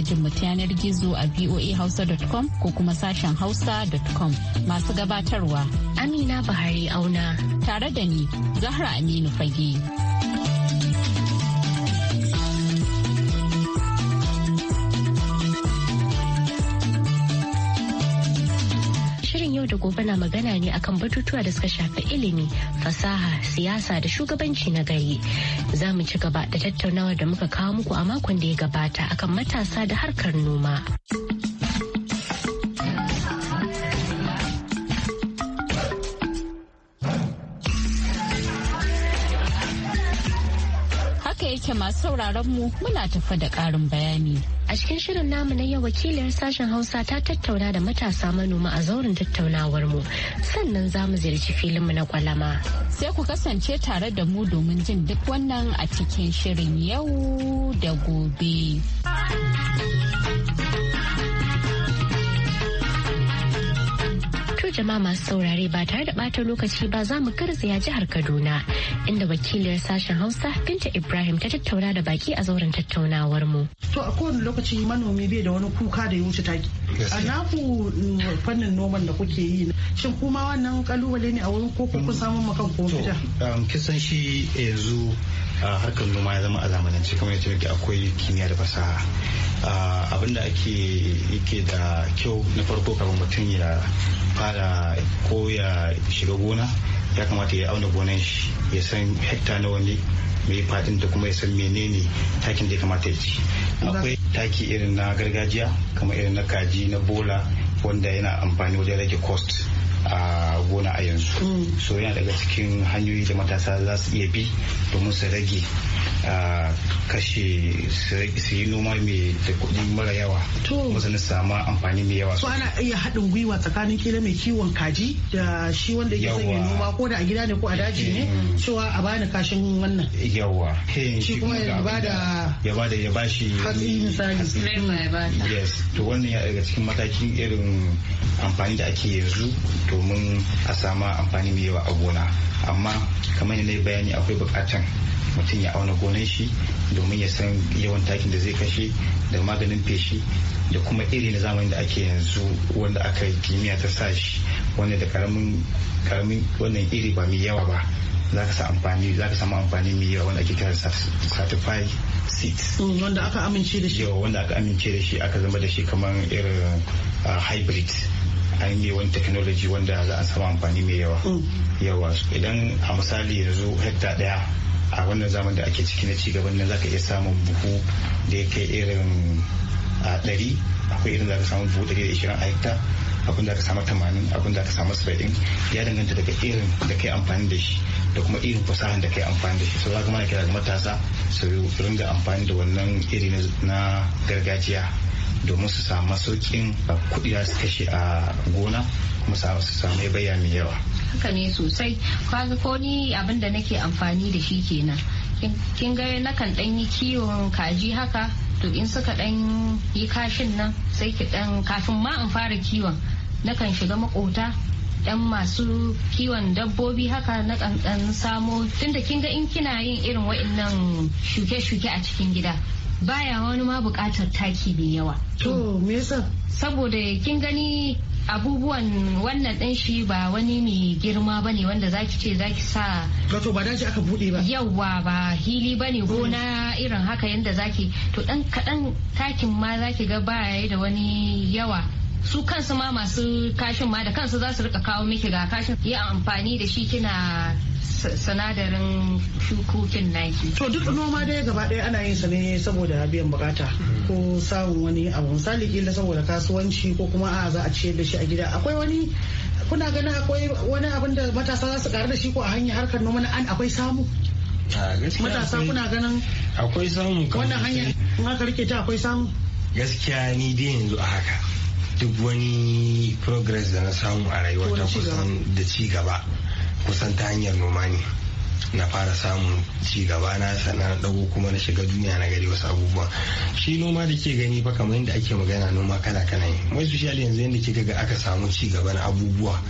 iya jin mutu yanar gizo a voahausa.com ko kuma sashen hausa.com masu gabatarwa Amina Bahari Auna tare da ni Zahra Aminu Fage. gobe na magana ne akan batutuwa da suka shafi ilimi, fasaha, siyasa da shugabanci na gari. Za mu ci gaba da tattaunawar da muka kawo muku a makon da ya gabata akan matasa da harkar noma. yake masu sauraron mu muna tafa da ƙarin bayani. A cikin shirin namu na yau wakiliyar sashen Hausa ta tattauna da matasa manoma a zauren tattaunawar mu sannan za mu ziyarci filin mu na kwalama. Sai ku kasance tare da mu domin jin duk wannan a cikin shirin yau da gobe. jama'a masu saurare ba tare da bata lokaci ba za mu ya jihar Kaduna inda wakiliyar sashen Hausa Binta Ibrahim ta tattauna da baki a zauren tattaunawar mu. To a kowane lokaci manomi bai da wani kuka da ya wuce taki. a naku mm, fannin noman da kuke yi shin kuma wannan kalubale ne a wurin ko kun samu makan ko fita um, kisan shi yanzu harkar noma ya zama a zamanance kamar yadda yake akwai kimiyya da fasaha abinda da ake yake da kyau na farko kafin mutum ya fara ko ya shiga gona ya kamata ya auna gonan shi ya san hekta nawa ne me fadin da kuma ya san menene takin da ya kamata ya ci akwai taki irin na gargajiya kamar irin na kaji na bola wanda yana amfani wajen rage cost a gona a yanzu mm. so yana daga cikin hanyoyi da matasa za su iya bi domin su rage kashe su yi noma mai da kuɗi mara yawa To. kuma su sama amfani mai yawa. So ana iya haɗin gwiwa tsakanin kila mai kiwon kaji da shi wanda ya sanya noma ko da a gida ne ko a daji ne eh, hmm. cewa a bani kashin wannan. Yawa. Eh, shi kuma ya bada. Ya bada ya bashi. Hatsi misali. Yes. To wannan ya daga cikin matakin irin amfani da ake yanzu domin a sama amfani mai yawa a gona amma kamar yadda bayani akwai bukatan mutum ya auna gona gonan shi domin ya san yawan takin da zai kashe da maganin feshi da kuma iri na zamani da ake yanzu wanda aka yi kimiyya ta sa shi wanda da karamin karamin wannan iri ba mai yawa ba za ka amfani za ka samu amfani mai yawa wanda ake kira certified seeds mm, wanda aka amince da shi wanda aka amince da shi aka zama da shi kamar irin ah, hybrid an yi wani technology wanda za a samu amfani mai yawa mm. yawa idan a misali yanzu hekta daya a wannan zaman da ake ciki na cigaban nan zaka iya samun buhu da ya kai irin a ɗari akwai irin zaka samu buhu ɗari da ishirin a hekta abin da ka samu tamanin abin da ka samu saba'in ya danganta daga irin da kai amfani da shi da kuma irin fasahan da kai amfani da shi sau za ka mana kira ga matasa su ringa amfani da wannan iri na gargajiya domin su samu sauƙin kuɗi su kashe a gona kuma su samu bayani mai yawa haka ne sosai kaga ko ni abin da nake amfani da shi kenan kin ga nakan dan yi kiwon kaji haka to in suka dan yi kashin nan sai ki dan kafin ma in fara kiwon nakan shiga makota dan masu kiwon dabbobi haka na kan dan samo tunda kin ga in kina yin irin wa'annan shuke-shuke a cikin gida baya wani ma bukatar taki mai yawa. To me yasa? Saboda kin gani abubuwan wannan ɗin shi ba wani mai girma ba ne wanda zaki ce zaki sa wato ba daji aka bude ba yawa ba hili ba ne gona irin haka yadda zaki to ɗan kaɗan takin ma zaki ga ba da wani yawa su kansu ma masu kashin ma da kansu za su rika kawo miki ga kashin yi amfani da shi kina sinadarin shukokin naki. To duk noma dai gaba ɗaya ana yin sa ne saboda biyan bukata ko samun wani abu misali kila saboda kasuwanci ko kuma a za a ciyar da shi a gida akwai wani kuna ganin akwai wani abin da matasa za su karu da shi ko a hanyar harkar noma an akwai samu. Matasa kuna ganin akwai samu wannan hanyar in aka rike ta akwai samu. Gaskiya ni dai yanzu a haka. duk wani progress da na samu a rayuwata kusan da ci kusan ta hanyar noma ne na fara samun ci gaba na dago kuma na shiga duniya na gari wasu abubuwa shi noma da ke gani fa kamar yadda ake magana noma kala kala ne mai yanzu yadda kika ga aka samu ci gaba na abubuwa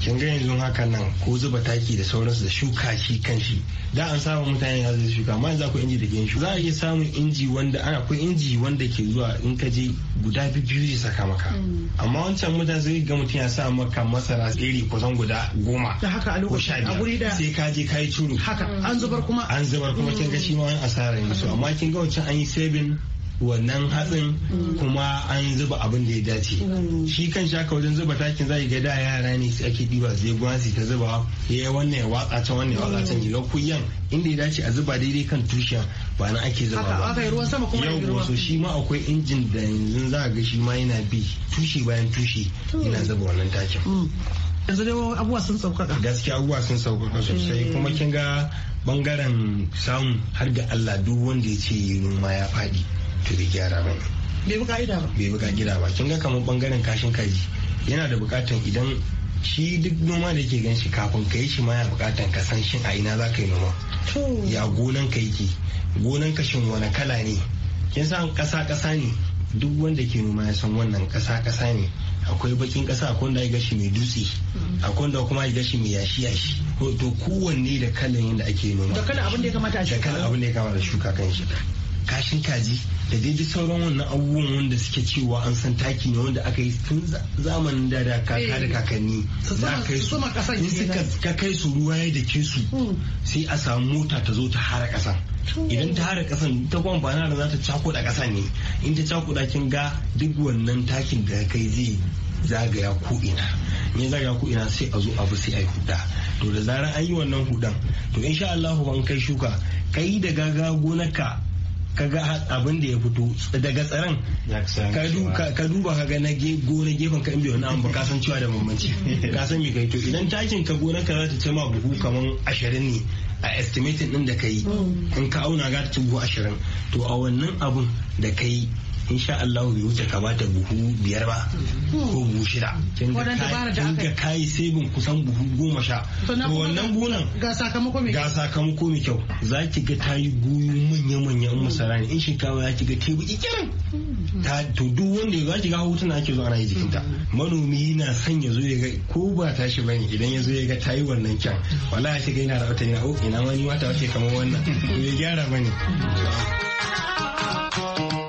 kin ga yanzu hakan nan ko zuba taki da sauransu da shuka shi kan shi da an samu mutane da su shuka amma yanzu akwai inji da ke shuka za a iya samun inji wanda ana akwai inji wanda ke zuwa in ka je guda biyu zai saka maka mm. amma wancan mutane zai ga mutum ya sa maka masara tsiri kusan guda goma da haka a lokacin a guri da sai ka je kai curu haka an zubar kuma an zubar kuma kin ga shi ma wani asara ne so mm. amma kin ga wancan an yi saving wannan hatsin mm. kuma an zuba abin da ya dace mm. shi kan shaka wajen zuba takin zai ga da yara ne ake diba zai su ta zuba ya wannan ya watsa can wannan ya watsa can mm. ga kuyan inda ya dace a zuba daidai kan tushen ba na ake zuba ba aka ruwan sama kuma yau so shi ma akwai injin da yanzu za ga shi ma yana bi tushe bayan tushe yana zuba wannan takin yanzu dai abubuwa sun sauƙaƙa gaskiya abubuwa sun sauƙaƙa sosai kuma kin ga bangaren samu har ga Allah duk wanda ya ce noma ya faɗi to gyara ba bai bi ka'ida ba bai bi ka'ida ba kin ga kamar bangaren kashin kaji yana da bukatan idan shi duk noma da ke gan shi kafin ka yi shi ma ya bukatan ka san shin a ina za ka yi noma ya gonan ka yake gonan ka shin wani kala ne kin san kasa kasa ne duk wanda ke noma ya san wannan kasa kasa ne akwai bakin kasa akwai wanda ya gashi mai dutse mm. akwai wanda kuma ya gashi mai yashi yashi to kowanne da kalan yadda ake noma da kalan abin da ya kamata a shuka da kalan abin da ya kamata a shuka kan shi kashin kaji da daidai sauran wannan abubuwan wanda suke cewa an san taki ne wanda aka yi tun zamanin da da kaka da eh. kakanni in suka ka kai su ruwa ya ke su hmm. sai a samu mota ta zo ta hara kasa. idan ta hara kasan ta kuma bana da za ta cakuda kasa ne in ta cakuda kin ga duk wannan takin da kai zai zagaya koina ne zagaya ko'ina sai a zo abu sai a yi huda to da zarar an yi wannan hudan to insha Allah ban kai shuka kai da gaga gonarka ka ga abin da ya fito daga tsaron ka duba ka ga na gona gefen ka inda biyo na ka san cewa da bambanci ka san me kai to idan takin ka gona ka za ta ce ma buhu kamar ashirin ne a estimatin din da ka yi mm. in ka auna ga ta buhu ashirin to a wannan abun da ka yi In sha Allah bai wuce kamata buhu biyar ba ko buhu shida kin ga kai bin kusan buhu goma sha to wannan gunan ga sakamako mai ga sakamako mai kyau zaki ga tayi guyu manya manya in masara ne in shinkafa zaki ga tebu ikirin ta to duk wanda ya zaki ga hotuna ake zo ana yi jikinta manomi yana son ya zo ya ga ko ba tashi bane idan ya zo ya ga tayi wannan kyan wallahi sai ga yana wata yana ina wani oh, wata wace kamar wannan to ya gyara bane Thank you.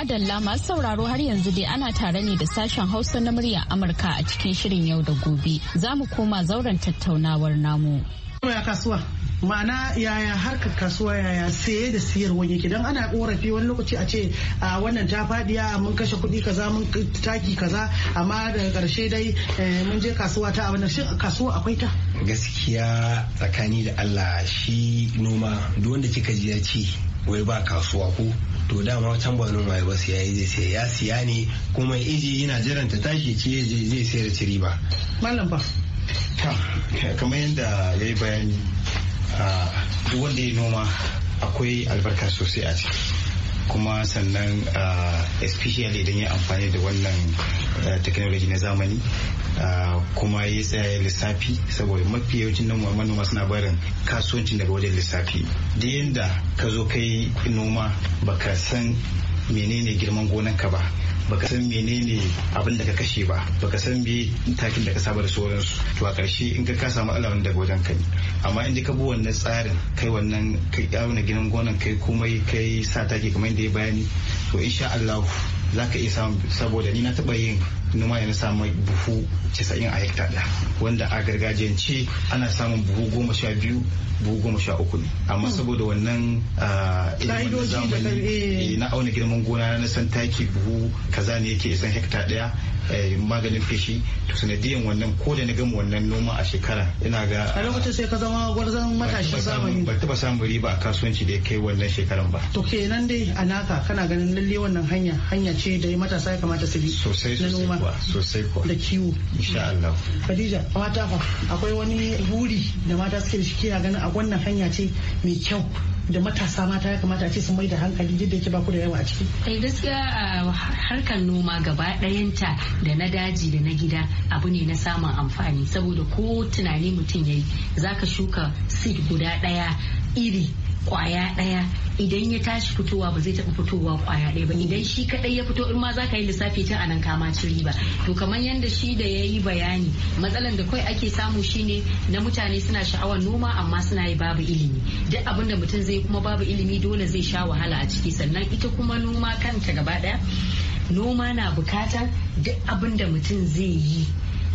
Madalla masu sauraro har yanzu dai ana tare ne da sashen Hausa na murya Amurka a cikin shirin yau da gobe. Za mu koma zauren tattaunawar namu. Ya kasuwa. ma'ana yaya harkar kasuwa yaya saye da siyarwa yake don ana korafi wani lokaci a ce a wannan ta fadiya mun kashe kuɗi kaza mun taki kaza amma daga karshe dai eh, mun je kasuwa ta abin shin kasuwa akwai ta gaskiya tsakani da Allah shi noma duk wanda kika ji ya ce wai ba kasuwa ko to dama can ba noma ba yayi zai sai ya siya ne kuma iji yana jiran ta tashi ce zai sayar da ciri ba malam ba kamar yadda ya yi bayani ah, wanda ya noma akwai albarka sosai a ciki kuma sannan ah, especially idan ya amfani da wannan ah, technology na zamani ah, kuma ya tsaya lissafi saboda mafi yawancin nan manoma suna barin kasuwancin daga wajen lissafi da yadda ka zo kai noma baka san menene girman gonanka ba baka san menene abin da ka kashe ba baka san me takin da ka saba da sauransu to a ƙarshe in ka ka samu alawan daga wajen kai amma in ka bi wannan tsarin kai wannan kai auna ginin gonan kai komai kai sa taki kamar yadda ya bayani to insha Allah za ka iya samun saboda ni na taɓa yin noma yana samun buhu 90 a hekta ɗaya wanda a gargajiyance ana samun buhu goma sha biyu buhu goma sha uku ne amma hmm. saboda wannan ah, ilimin zamani eh. Eh, na auna girman gona na san taki buhu kaza ne yake isan hekta ɗaya Eh, maganin feshi to sanadiyan wannan ko da na gama wannan noma a shekara ina ga a lokacin sai ka zama gwarzon matashi samun ba ba samun riba a kasuwanci da ya kai wannan shekaran ba to kenan dai a naka kana ganin lalle wannan hanya hanya ce da matasa ya kamata su bi sosai sosai kuwa da kiwo insha Allah Khadija mata fa akwai wani buri da mata suke shi ganin a wannan hanya ce mai kyau da matasa mata ya kamata a ce su mai da hankali yadda yake baku da yawa a ciki. Eh gaskiya a ah, harkar noma gaba ɗayanta da na daji da na gida abu ne na samun amfani saboda ko tunani mutum yayi zaka shuka seed guda ɗaya iri kwaya daya idan ya tashi fitowa ba zai taba fitowa kwaya daya ba idan shi kadai ya fito in ma za ka yi lissafi tun anan kama ciri ba to kamar yadda shi da ya yi bayani matsalan da kawai ake samu shine na mutane suna sha'awar noma amma suna yi babu ilimi duk abin da mutum zai kuma babu ilimi dole zai sha wahala a ciki sannan ita kuma noma kanta gaba daya noma na bukatar duk abin da mutum zai yi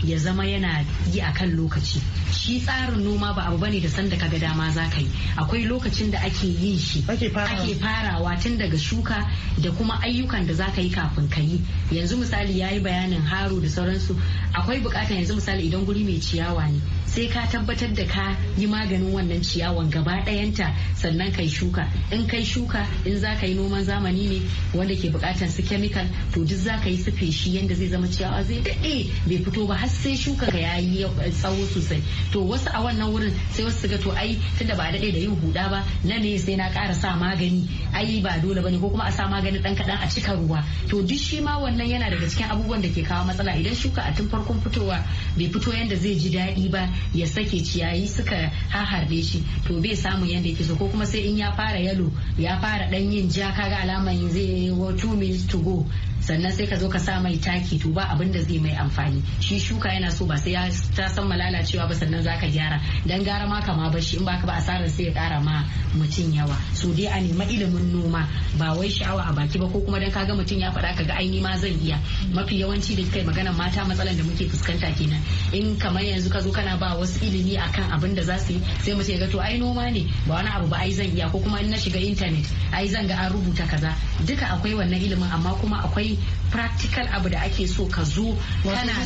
ya zama yana yi a kan lokaci shi tsarin noma ba abu bane da sanda kaga dama za ka yi akwai lokacin da ake yi shi ake farawa tun daga shuka da kuma ayyukan da za ka yi kafin ka yi yanzu misali ya yi bayanin haro da sauransu akwai bukatar yanzu misali idan guri mai ciyawa ne sai ka tabbatar da ka yi maganin wannan ciyawan gaba ɗayanta sannan kai shuka in kai shuka in za ka yi noman zamani ne wanda ke buƙatar su kemikal to duk za ka yi su feshi yadda zai zama ciyawa zai daɗe bai fito ba har sai shuka ka yayi eh, tsawo sosai to wasu a wannan wurin sai wasu ga to ai tunda ba daɗe da yin huda ba nan ne sai na kara sa magani ai ba dole bane ko kuma a sa magani ɗan kaɗan a cika ruwa to duk shi ma wannan yana daga cikin abubuwan da ke kawo matsala idan shuka a tun farkon fitowa bai fito yadda zai ji daɗi ba ya sake ciyayi suka haharbe shi to bai samu yanda yake so ko kuma sai in ya fara yalo ya fara dan yin ja kaga alaman zai two minutes to go sannan sai ka zo ka sa mai taki to ba abin da zai mai amfani shi shuka yana so ba sai ya ta san malalacewa ba sannan zaka gyara dan gara ma kama ba shi in baka ba asarar sai ya kara ma mutum yawa so dai a nema ilimin noma ba wai sha'awa a baki ba ko kuma dan kaga mutum ya faɗa kaga ai ma zan iya mafi yawanci da kai magana mata matsalan da muke fuskanta kenan in kamar yanzu ka zo kana ba wasu ilimi akan abin da za su yi sai mu ya ga to ai noma ne ba wani abu ba ai zan iya ko kuma in na shiga intanet ai zan ga an rubuta kaza duka akwai wannan ilimin amma kuma akwai practical abu da ake so ka zo kana na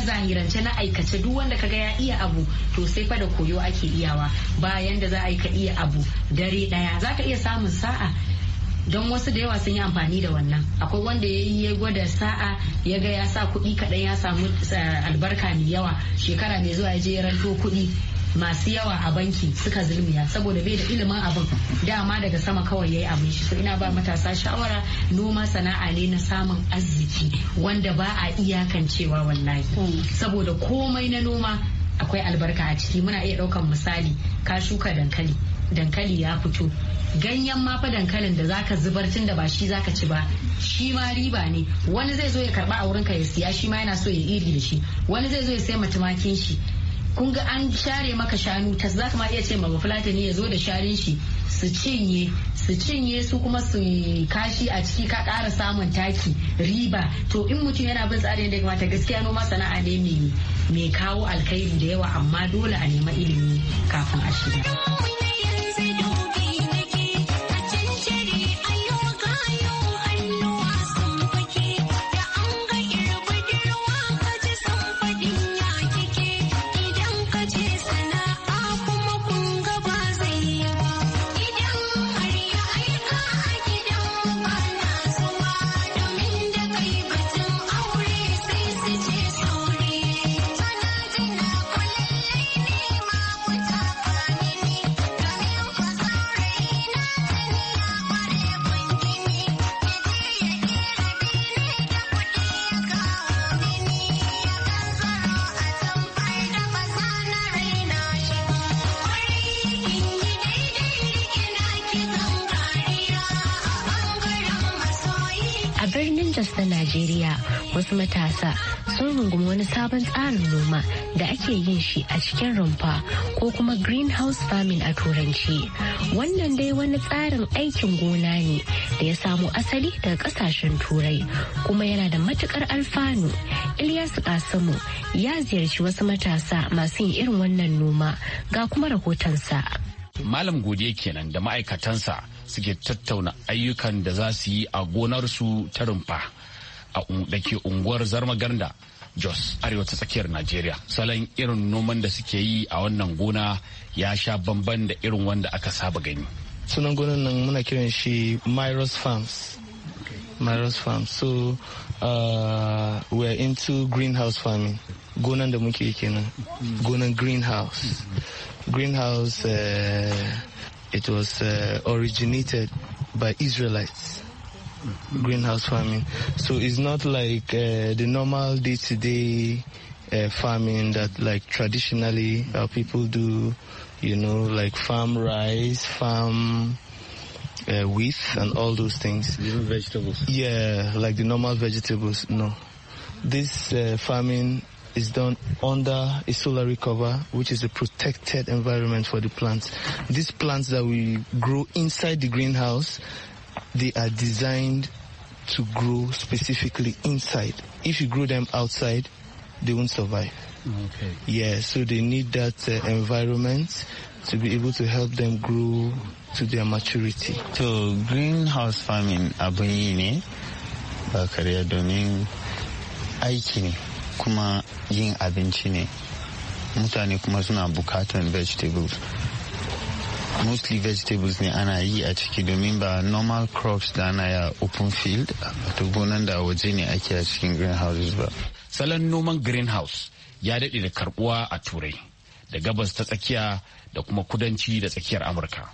zahirance na aikace duk wanda kaga ya iya abu to sai fa da koyo ake iyawa bayan da za a yi ka iya abu dare daya za ka iya samun sa'a don wasu da yawa sun yi amfani da wannan akwai wanda ya yi gwada sa'a ya ga ya sa kuɗi kaɗan ya samu eh, albarka mai yawa shekara mai zuwa ya je ya ranto kuɗi masu yawa a banki suka zulmiya saboda bai da ilimin abin dama daga sama kawai yayi abin shi so ina ba matasa shawara noma sana'a ne na samun arziki wanda ba a iyakancewa wallahi hmm. saboda komai na noma akwai albarka a ciki muna iya ɗaukan misali ka shuka dankali dankali ya fito ganyen mafa dankalin da zaka zubar tun da ba shi zaka ci ba shi ma riba ne wani zai zo ya karba a wurinka ya siya shi ma yana so ya iri da shi wani zai zo ya sai tumakin shi kun ga an share maka shanu ta za ka ma iya ce ma fulatani ya zo da sharin shi su cinye su cinye su kuma su kashi a ciki ka ƙara samun taki riba to in mutum yana bin tsarin da kamata gaskiya noma sana'a ne mai kawo alkhairi da yawa amma dole a nema ilimi kafin a shiga. wasu matasa sun rungumi wani sabon tsarin noma da ake yin shi a cikin rumfa ko kuma greenhouse farming a turanci wannan dai wani tsarin aikin gona ne da ya samo asali daga kasashen turai kuma yana da matukar alfanu ilyasu kasamu ya ziyarci wasu matasa masu yin irin wannan noma ga kuma rahotonsa malam godiya kenan da ma'aikatansa suke tattauna ayyukan da za su yi a gonarsu ta rumfa da ke unguwar zarmaganda jos arewa ta tsakiyar najeriya salon irin noman da suke yi a wannan gona ya sha bamban da irin wanda aka saba gani sunan gonan nan muna kiran shi myros farms myros farms so uh, are into greenhouse farming gonan da muke kenan gonan greenhouse greenhouse uh, it was uh, originated by israelites greenhouse farming. So it's not like uh, the normal day to day uh, farming that like traditionally our people do, you know, like farm rice, farm uh, wheat and all those things. Even vegetables. Yeah, like the normal vegetables. No, this uh, farming is done under a solar cover, which is a protected environment for the plants. These plants that we grow inside the greenhouse they are designed to grow specifically inside. If you grow them outside, they won't survive. Okay. Yeah, so they need that uh, environment to be able to help them grow to their maturity. To greenhouse farming abun ne ba kariya domin aiki ne kuma yin abinci ne mutane kuma suna bukatan vegetables. mostly vegetables ne ana yi a ciki domin ba normal crops da ana ya open field wato gonan da waje ne ake a cikin greenhouses ba salon noman greenhouse ya daɗe da karbuwa a turai da gabas ta tsakiya da kuma kudanci da tsakiyar amurka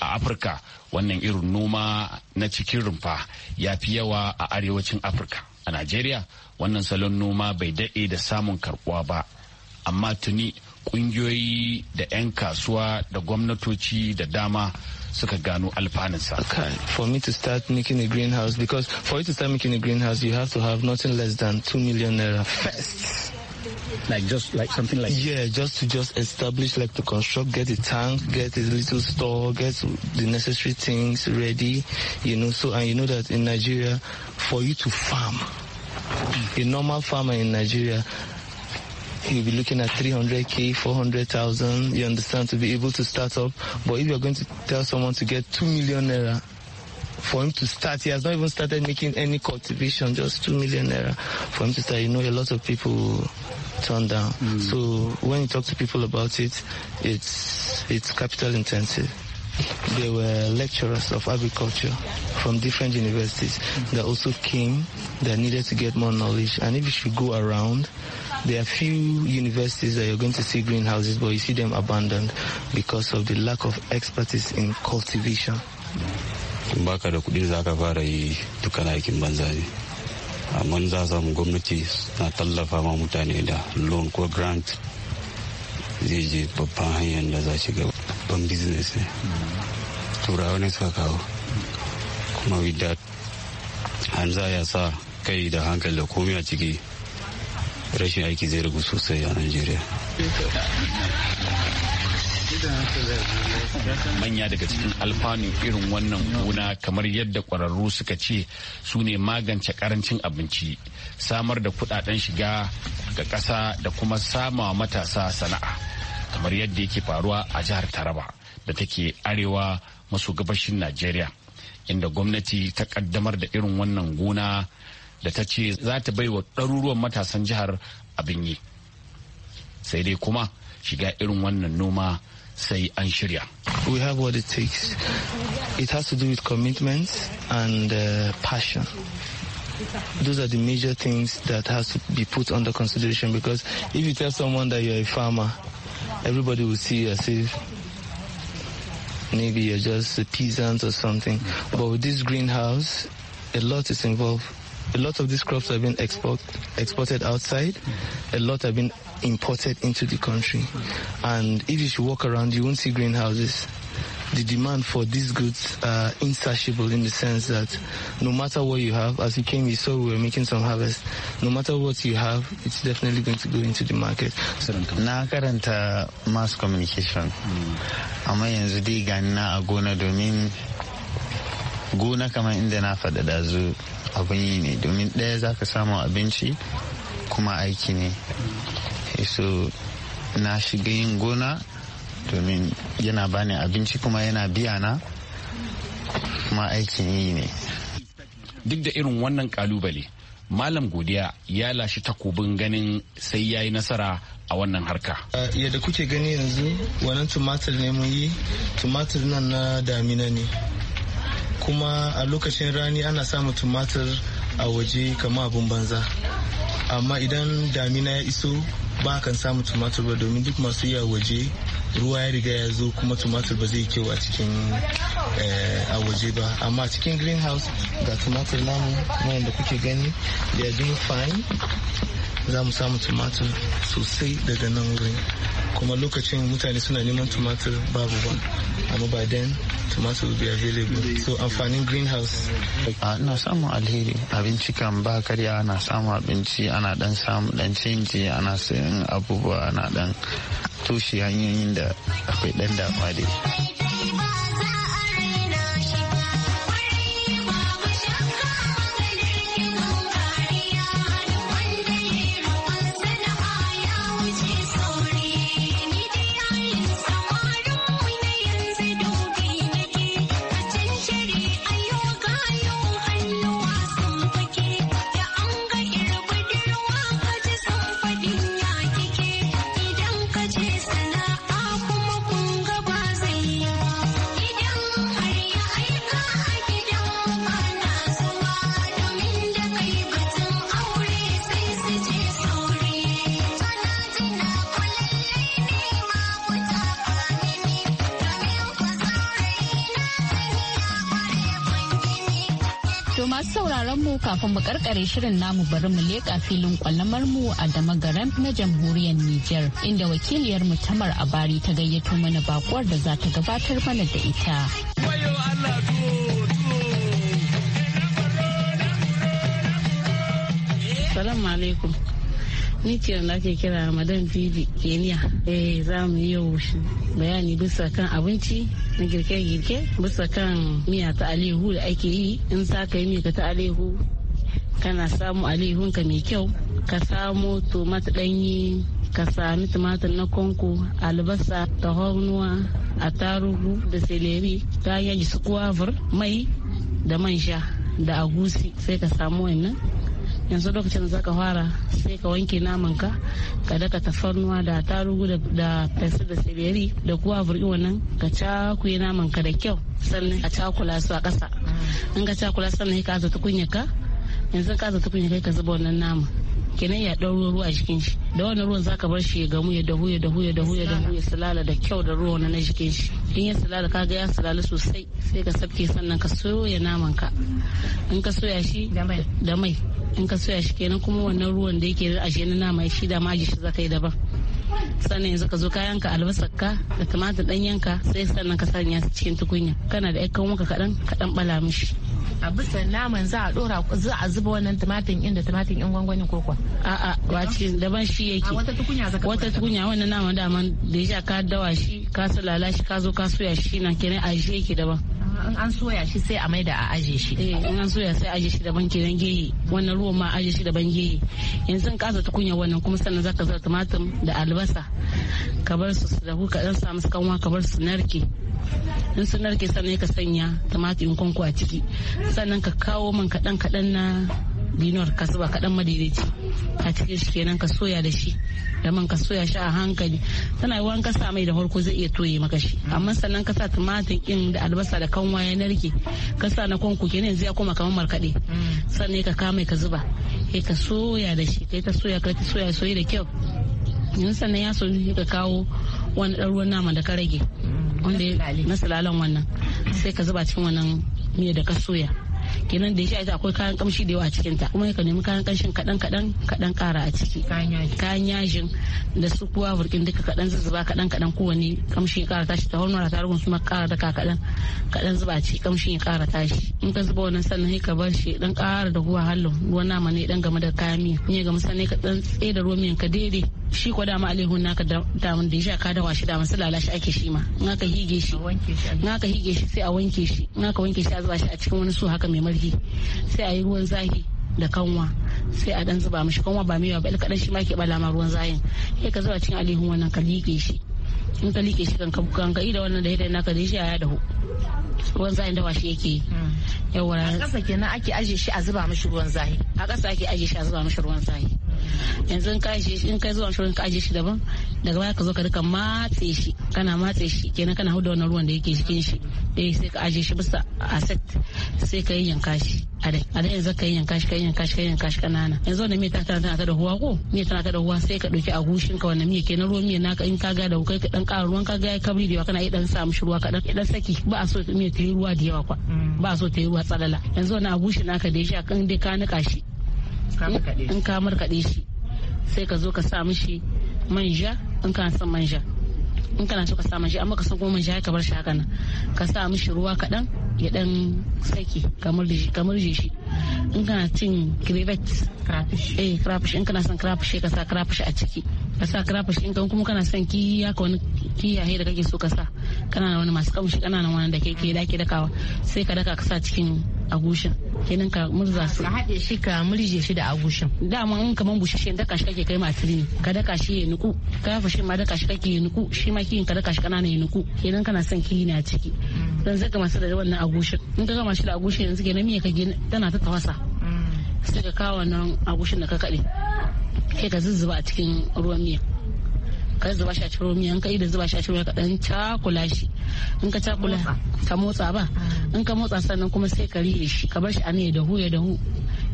a afirka wannan irin noma na cikin rumfa ya fi yawa a arewacin afirka a najeriya wannan salon noma bai daɗe da samun karbuwa ba amma tuni kungiyoyi da 'yan kasuwa da gwamnatoci da dama suka gano alfanunsa. Okay, for me to start making a greenhouse because for you to start making a greenhouse you have to have nothing less than 2 million naira first. like just like something like yeah just to just establish like to construct get the tank get a little store get the necessary things ready you know so and you know that in nigeria for you to farm a normal farmer in nigeria you'll be looking at 300k, 400,000. You understand to be able to start up. But if you're going to tell someone to get two million naira for him to start. He has not even started making any cultivation, just two million naira for him to start. You know, a lot of people turn down. Mm. So when you talk to people about it, it's it's capital intensive. There were lecturers of agriculture from different universities that also came that needed to get more knowledge. And if you should go around, there are few universities that you're going to see greenhouses, but you see them abandoned because of the lack of expertise in cultivation. baka da kudi za ka fara yi dukkan aikin banza ne amma za samu gwamnati na tallafa ma mutane da loan ko grant zai je babban hanyar da za shiga babban business ne turawa ne suka kawo kuma with that an za ya sa kai da hankali da komai a ciki rashin aiki zai ragu sosai a najeriya manya daga cikin alfanu irin wannan gona kamar yadda kwararru suka ce su ne magance karancin abinci samar da kudaden shiga ga ƙasa da kuma sama matasa sana'a kamar yadda yake faruwa a jihar taraba da take arewa maso gabashin najeriya inda gwamnati ta kaddamar da irin wannan gona da ta ce za ta baiwa ɗaruruwan matasan jihar abin yi sai dai kuma shiga irin wannan noma sai an shirya. We have what it takes. It has to do with commitment and uh, passion. Those are the major things that has to be put under consideration because if you tell someone that you're a farmer everybody will see as if maybe you're just a peasant or something. But with this greenhouse, a lot is involved. A lot of these crops have been export, exported outside. A lot have been imported into the country. And if you should walk around, you won't see greenhouses. the demand for these goods are insatiable in the sense that no matter what you have, as you came, you saw we were making some harvest. No matter what you have, it's definitely going to go into the market. Na karanta mass communication, amma yanzu dai gani na a gona domin gona kamar inda na faɗa da zu abin yi ne domin ɗaya za ka samu abinci kuma aiki ne. So na shiga yin gona domin yana bani abinci kuma yana biya na kuma aikin yi ne duk da irin wannan kalubale malam godiya ya lashi takobin ganin sai ya yi nasara a wannan harka. Eh, yadda kuke gani yanzu wannan tumatir ne mun yi tumatir nan na damina ne kuma a lokacin rani ana samun tumatir a waje kama abun banza amma idan damina ya iso ba kan samu tumatir ba domin duk masu yi a waje ruwa ya riga ya zo kuma tumatur ba zai kyau a cikin eh, a waje ba amma cikin greenhouse ga tumatur namu kuma da kuke gani ya jin fine za mu samu tumatur sosai daga nan wurin kuma lokacin mutane suna neman tumatur babu ba amma ba den tumatur will be available so amfanin greenhouse ina samun alheri abinci kan ba karya ana samun abinci ana dan samun dan canji ana sayan abubuwa ana dan toshe hanyoyin da akwai ɗan damuwa dai Masu sauraron mu kafin mu karkare shirin namu bari mu leƙa filin kwalamar mu a damagaran na jamhuriyar Nijar inda wakiliyar mu Tamar Abari ta gayyato mana bakuwar da za ta gabatar mana da ita. Salamu alaikum. Ni ce ake kira Madan Bibi Kenya. Eh za mu yi yau bayani bisa kan abinci na girke-girke bisa kan miya ta alihu da ake yi in sa ka yi miya ta alihu kana samu alihunka mai kyau ka samu tomat ɗanyi ka sami tumatir na konko albasa tahornuwa attarugu da seleri kayan su kuwa mai da man sha da agusi sai ka samu wannan yanzu lokacin da ka fara sai ka wanke namanka ka daka tafarnuwa da tarugu da fensil da sibiri da kuwa burgi wannan ka cakuye namanka da kyau sannan a cakula su a ƙasa in ka cakula sannan ka aza tukunya ka yanzu ka aza tukunya kai ka zuba wannan naman kenan ya ɗauro ruwa a jikin shi da wannan ruwan zaka bar shi ya gamu ya dahu ya dahu ya dahu ya dahu ya salala da kyau da ruwan na jikin shi in ya salala kaga ya salala sosai sai ka sabke sannan ka soya naman ka in ka soya shi da mai in ka soya shi kenan kuma wannan ruwan da yake a na nama shi da maji shi zaka yi daban sannan yanzu ka zo ka yanka albasar ka da tumatir ɗanyen ka sai sannan ka sanya su cikin tukunya kana da ƴan kanwa ka kaɗan kaɗan ɓala mishi a bisa naman za a dora za a zuba wannan tumatir inda tumatir in gwangwani ko kwa a'a wace daban shi yake wata tukunya zaka wata tukunya wannan naman daman da ya ka dawa shi ka sulala shi ka zo ka soya shi na kenan a shi yake daban an soya shi sai a maida a aje shi eh in an soya sai aje shi daban kenan gehe wannan ruwan ma aje shi daban gehe yanzu in kasa tukunya wannan kuma sannan zaka zo tumatir da albasa ka bar su da ku ka dan sa musu kanwa ka bar su narke in su narke sannan ka sanya tumatir kwanko a ciki sannan ka kawo man kadan kadan na dinar ka zuba kadan madaidaici a cikin shi kenan ka soya da shi da ka soya shi a hankali tana yi wanka sa mai da farko zai iya toye maka shi mm. amma sannan ka sa tumatir ɗin da albasa da kanwa ya narke ka sa na kwanku kenan zai kuma kamar markaɗe mm. sannan ka kama ka zuba kai ka soya da shi kai ka soya ka ta soya soyi da kyau yanzu sannan ya soyi ka kawo wani ɗan ruwan nama da ka rage mm. wanda na sulalan wannan sai ka zuba cikin wannan miya da ka soya kenan da ya ita akwai kayan kamshi da yawa a cikin ta kuma ka nemi kayan kamshin kadan kadan kadan kara a ciki kayan yajin da su kuwa burkin duka kadan zuzzuba kadan kadan kowane kamshi ya kara tashi ta hormona ta rugun suna kara daka kadan kadan zuba ci kamshi ya kara tashi in ka zuba wannan sannan sai ka bar shi dan kara da ruwa hallo ruwan nama ne dan game da kayan miya ne ga gamu ne ka dan tsaye da ruwan miyan ka daidai shi ko dama alihun naka damun da ya ka dawa shi damun sulala shi ake shi ma in aka hige shi in aka hige shi sai a wanke shi in aka wanke shi a zuba shi a cikin wani su haka mai marfi sai a yi ruwan zahi da kanwa sai a dan zuba mishi kanwa ba mai ba dan shi ma ke bala ma ruwan zahin sai ka zuba cikin alihun wannan ka liƙe shi in ka liƙe shi kanka kanka da wannan da hidan naka da shi a ya dahu ruwan zahin dawa shi yake hmm. yawa a ƙasa kenan ake aje shi a zuba mishi ruwan zahi a kasa ake aje shi a zuba mishi ruwan zahi yanzu in kashi shi in kai zuwa shi ka aje shi daban daga baya ka zo ka rika matse shi kana matse shi kenan kana huda wannan ruwan da yake jikin shi eh sai ka aje shi bisa set sai ka yi yanka shi a dai a dai yanzu ka yi yanka shi ka yi yanka shi ka yi yanka shi na yanzu wannan me ta tana ta da huwa ko me tana ta da huwa sai ka dauki agushin ka wannan me kenan ruwan me naka in ka ga da kai ka dan ƙara ruwan ka ga kabri da kana yi dan sa mishi ruwa ka dan saki ba a so me ta yi ruwa da yawa kwa mm. ba a so ta yi ruwa tsalala yanzu wannan agushin naka da ya sha kan dai ka nika shi Eh, in ka markaɗe shi sai ka zo ka sa mishi manja in kana son manja in kana so ka sa manja amma ka san kuma manja ka bar shi haka nan ka sa mishi ruwa kaɗan ya ɗan saki ka murje shi in kana cin crevet eh crayfish in kana son crayfish ka sa crayfish a ciki ka sa crayfish in kan kuma kana son kiya ka wani kiyaye da kake so ka sa kana wani masu kamshi kana wani da ke ke dake dakawa sai ka daka ka sa cikin agushin kenan ka murza su ka haɗe shi ka murje shi da agushin dama in kaman bushashe da kashi kake kai matiri ka da kashi ya nuku ka shi ma da kashi kake ya nuku shi ma kiyin ka da kashi kanana ya nuku kenan kana son kiyi na ciki dan mm. zaka masu da wannan agushin in ka gama shi da agushin yanzu kenan miya ka gina tana ta tawasa mm. sai ka kawo nan agushin da ka kaɗe sai ka zuzzuba a cikin ruwan miya ka zuba shi a cikin miya in ka da zuba shi a cikin ka dan cakula shi in ka cakula ka motsa ba ah. in ka motsa sannan kuma sai ka rihe shi ka bar shi a ne da hu ya dahu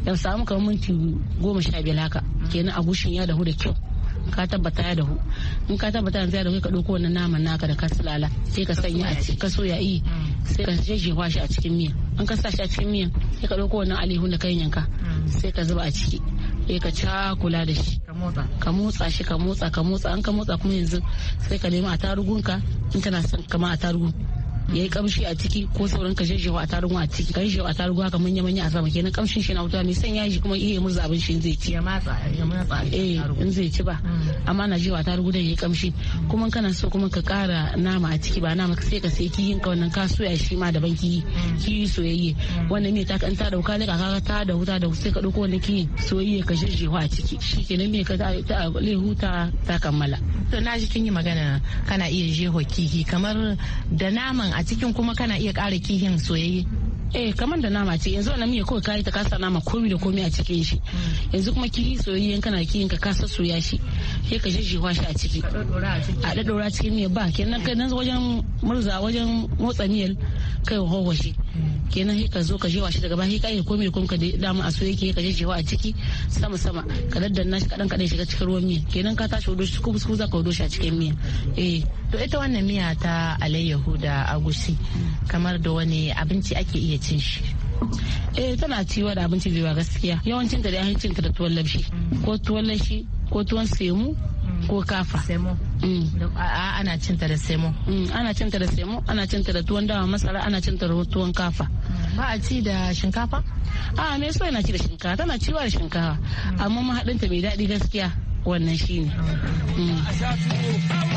ya samu kamar minti goma sha biyar haka kenan a gushin ya dahu da kyau ka tabbata ya dahu in ka tabbata yanzu ya dahu ka ɗauko wannan naman naka da ka sulala sai ka sanya a ciki ka soya yi eh. mm. sai ka jeje shi a cikin miya in ka sa shi a cikin miya sai ka ɗauko wannan alihu da ka yanka mm. sai ka zuba a ciki eh ka cakula da shi ka motsa shi ka motsa ka motsa an ka motsa kuma yanzu sai ka nemi a tarugunka in kana son kama a tarugun yayi kamshi a ciki ko sauran kashe shi a tarugu a ciki kan shi a tarugu haka manya manya a sama kenan kamshin shi na wuta mai sanya shi kuma iya murza abin shi zai ci ya matsa ya matsa eh in zai ci ba hmm. amma na shi a tarugu da yi kamshi kuma kana so kuma ka kara nama a ciki ba nama sai ka sai kiyin ka wannan ka soya shi ma daban kiyi hmm. kiyi soyayye hmm. wannan ne ta kan ta dauka ne ka ta da wuta da sai ka dauko wannan kiyin soyayye ka jejjewa a ciki shi kenan me ka ta huta ta kammala to na ji kin yi magana kana iya jeho kiki kamar da naman a cikin kuma kana iya ƙara kihin soyayye eh kamar da nama ce yanzu wannan miya kawai kayi ta kasa nama komi da komi a cikin shi mm. yanzu kuma kihi soyayyen kana kihin ka kasa soya shi ya ka shi a ciki a daddora cikin miya ba kenan kai nan wajen murza wajen motsa miyar kai wa shi kenan sai ka zo ka jewa shi daga baya sai ka ko me kun ka dama a so yake je jewa a ciki sama sama ka daddanna shi kadan kadan shiga cikin ruwan miya kenan ka tashi wado shi za ka wado shi a cikin miya eh to ita wannan miya ta alayyahu da agushi kamar da wani abinci ake iya cin shi eh tana ciwa da abinci da gaskiya yawancin ta da an ta da tuwon labshi ko tuwon ko tuwon semu ko kafa semu Mm, ana cinta mm, da semo ana cinta da semo ana cinta da tuwon dawa masara ana cinta da tuwon kafa ba a ci da shinkafa a me so yana ci da shinkafa tana ciwa da shinkafa amma mahaɗinta mai daɗi gaskiya wannan shine mm.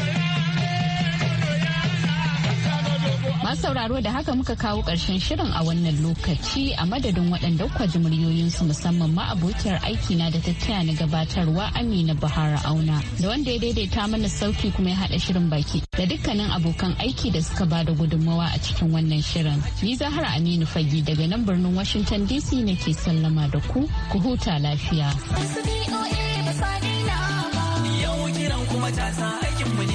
Masu sauraro da haka muka kawo ƙarshen shirin a wannan lokaci a madadin waɗanda kwa muryoyinsu musamman ma abokiyar na da ta taya ni gabatarwa Amina Bahara Auna da wanda ya daidaita mana sauki kuma ya haɗa shirin baki da dukkanin abokan aiki da suka ba da gudunmawa a cikin wannan shirin. Ni Zahra Aminu Fagi daga nan birnin Washington DC nake sallama da ku ku huta lafiya. Yau kiran kuma ta sa aikin